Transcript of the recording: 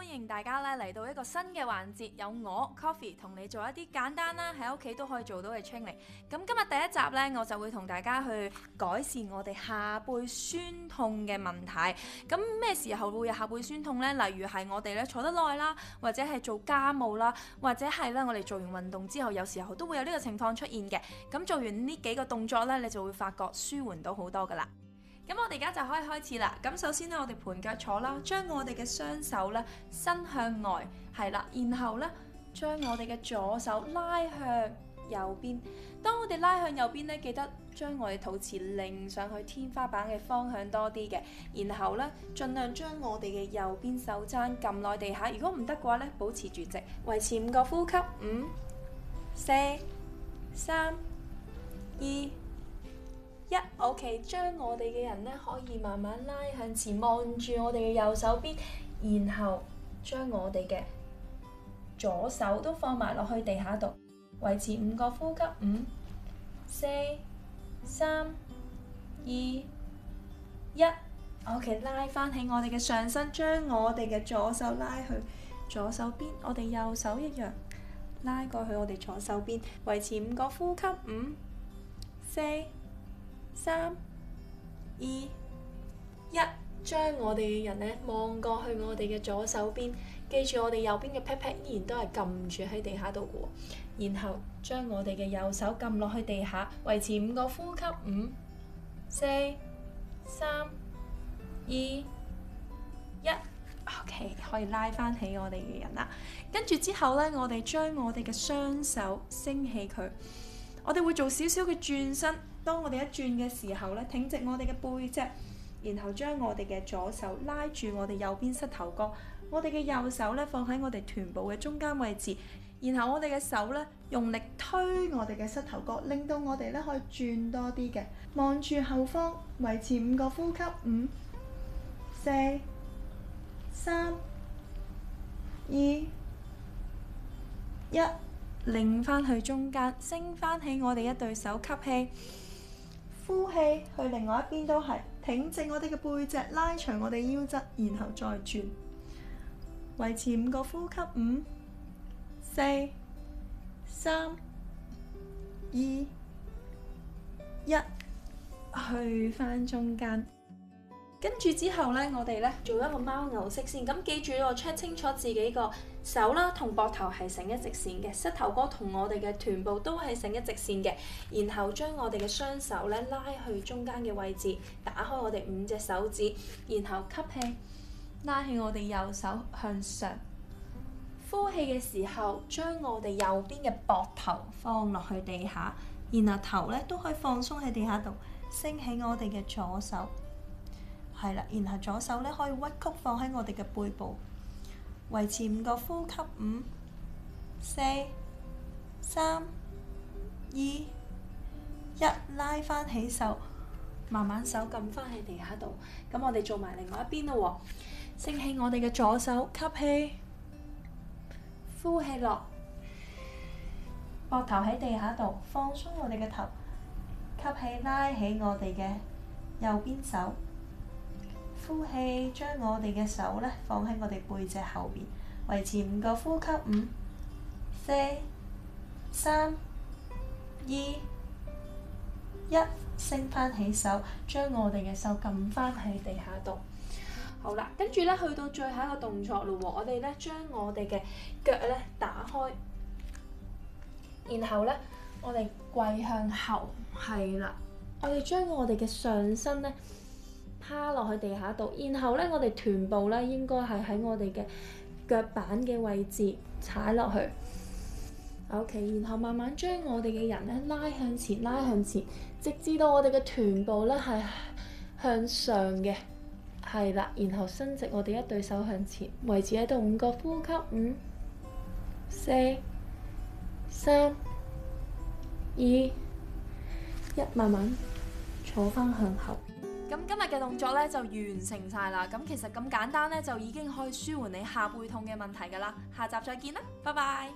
歡迎大家咧嚟到一個新嘅環節，有我 Coffee 同你做一啲簡單啦，喺屋企都可以做到嘅 training。咁今日第一集呢，我就會同大家去改善我哋下背酸痛嘅問題。咁咩時候會有下背酸痛呢？例如係我哋咧坐得耐啦，或者係做家務啦，或者係咧我哋做完運動之後，有時候都會有呢個情況出現嘅。咁做完呢幾個動作呢，你就會發覺舒緩到好多噶啦。咁我哋而家就可以開始啦。咁首先咧，我哋盤腳坐啦，將我哋嘅雙手咧伸向外，係啦，然後咧將我哋嘅左手拉向右邊。當我哋拉向右邊咧，記得將我哋肚臍擰上去天花板嘅方向多啲嘅。然後咧，盡量將我哋嘅右邊手踭撳落地下。如果唔得嘅話咧，保持住直，維持五個呼吸，五、四、三、二。一，OK，將我哋嘅人咧可以慢慢拉向前，望住我哋嘅右手邊，然後將我哋嘅左手都放埋落去地下度，維持五個呼吸，五、四、三、二、一，OK，拉翻起我哋嘅上身，將我哋嘅左手拉去左手邊，我哋右手一樣，拉過去我哋左手邊，維持五個呼吸，五、四。三、二、一，將我哋嘅人咧望過去，我哋嘅左手邊，記住我哋右邊嘅 pat pat 依然都係撳住喺地下度㗎。然後將我哋嘅右手撳落去地下，維持五個呼吸。五、四、三、二、一。OK，可以拉返起我哋嘅人啦。跟住之後咧，我哋將我哋嘅雙手升起佢。我哋會做少少嘅轉身，當我哋一轉嘅時候呢，挺直我哋嘅背脊，然後將我哋嘅左手拉住我哋右邊膝頭哥，我哋嘅右手呢，放喺我哋臀部嘅中間位置，然後我哋嘅手呢，用力推我哋嘅膝頭哥，令到我哋呢可以轉多啲嘅，望住後方，維持五個呼吸，五、四、三、二、一。擰翻去中間，升翻起我哋一對手吸氣，呼氣去另外一邊都係挺直我哋嘅背脊，拉長我哋腰側，然後再轉，維持五個呼吸，五、四、三、二、一，去翻中間。跟住之後呢，我哋呢做一個貓牛式先。咁記住要 check 清楚自己個手啦，同膊頭係成一直線嘅，膝頭哥同我哋嘅臀部都係成一直線嘅。然後將我哋嘅雙手呢拉去中間嘅位置，打開我哋五隻手指，然後吸氣，拉起我哋右手向上。呼氣嘅時候，將我哋右邊嘅膊頭放落去地下，然後頭呢都可以放鬆喺地下度，升起我哋嘅左手。係啦，然後左手咧可以屈曲放喺我哋嘅背部，維持五個呼吸，五、四、三、二、一，拉翻起手，慢慢手撳翻喺地下度。咁我哋做埋另外一邊啦喎，升起我哋嘅左手，吸氣，呼氣落，膊頭喺地下度，放鬆我哋嘅頭，吸氣拉起我哋嘅右邊手。呼氣，將我哋嘅手咧放喺我哋背脊後邊，維持五個呼吸，五、四、三、二、一，升翻起手，將我哋嘅手撳翻喺地下度。好啦，跟住咧去到最後一個動作嘞喎，我哋咧將我哋嘅腳咧打開，然後咧我哋跪向後，係啦，我哋將我哋嘅上身咧。趴落去地下度，然後呢，我哋臀部呢應該係喺我哋嘅腳板嘅位置踩落去，OK，然後慢慢將我哋嘅人呢拉向前，拉向前，直至到我哋嘅臀部呢係向上嘅，係啦，然後伸直我哋一對手向前，維持喺度五個呼吸，五、四、三、二、一，慢慢坐翻向後。今日嘅動作咧就完成晒啦，咁其實咁簡單咧就已經可以舒緩你下背痛嘅問題噶啦，下集再見啦，拜拜。